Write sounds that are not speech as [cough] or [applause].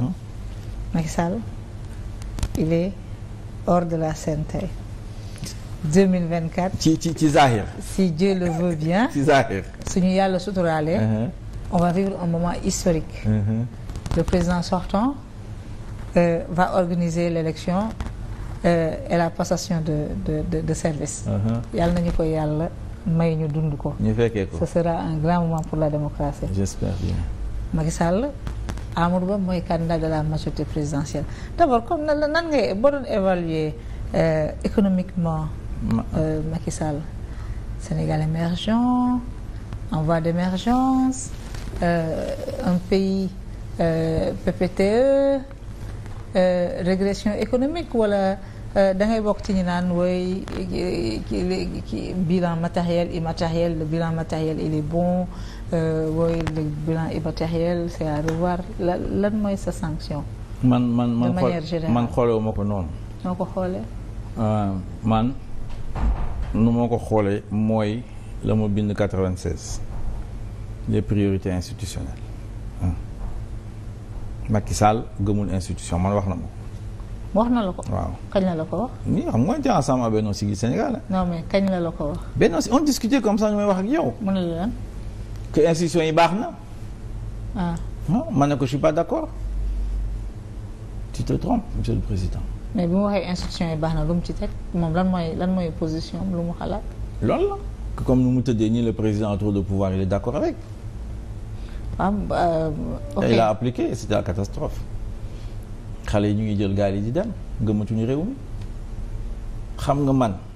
Mmh. Macky Sall il est hors de la scène tey ci ci ci Zahir. si Dieu le veut bien. [laughs] ci Zahir. suñu yàlla suturaalee. Uh-huh. on va vivre un moment historique. Uh-huh. le président sortant euh, va organiser l'élection e et la passation de de de de service. Uh-huh. yàlla nañu ko yàlla may ñu dund ko. ko ce sera un grand moment pour la démocratie. j'espère Amadou Ba mooy candidat de la majorité présidentielle d'abord comme nan na ngay boo doon évaluer euh, économiquement euh, Macky Sall Sénégal émergent en voie d'émergence euh, un pays PPTE régression économique wala Euh, da ngay bokk ci ñu naan wooy bilan matériel immatériel le bilan matériel il est bon euh, wooy le bilan immatériel c'est à revoir la lan mooy sa sanction man man man man xoolewu ma ko noonu noo ko xoolee euh, man nu moo ko xoolee mooy la mu bind 96 les priorités institutionnelles Macky Sall gëmul institution man wax na ma wax na la ko. waaw kañ la la ko wax. nii xam nga ci ensemble Benno Siggil Sénégal. non mais kañ la la ko wax. Benno on discutait comme ça ñu may wax ak yow. mën na la que institution yi baax na. ah non man ne ko je suis pas d'accord. tu te trompes monsieur le président. mais bi mu waxee institution yi baax na lu mu ci teg moom lan mooy lan mooy position lu mu xalaat. loolu la que comme nu mu tëddee nii le président a de pouvoir il est d'accord avec. ah euh, ok il a appliqué xale yi ñu ngi jël gaal yi di dem gëmmatuñu réew mi xam nga man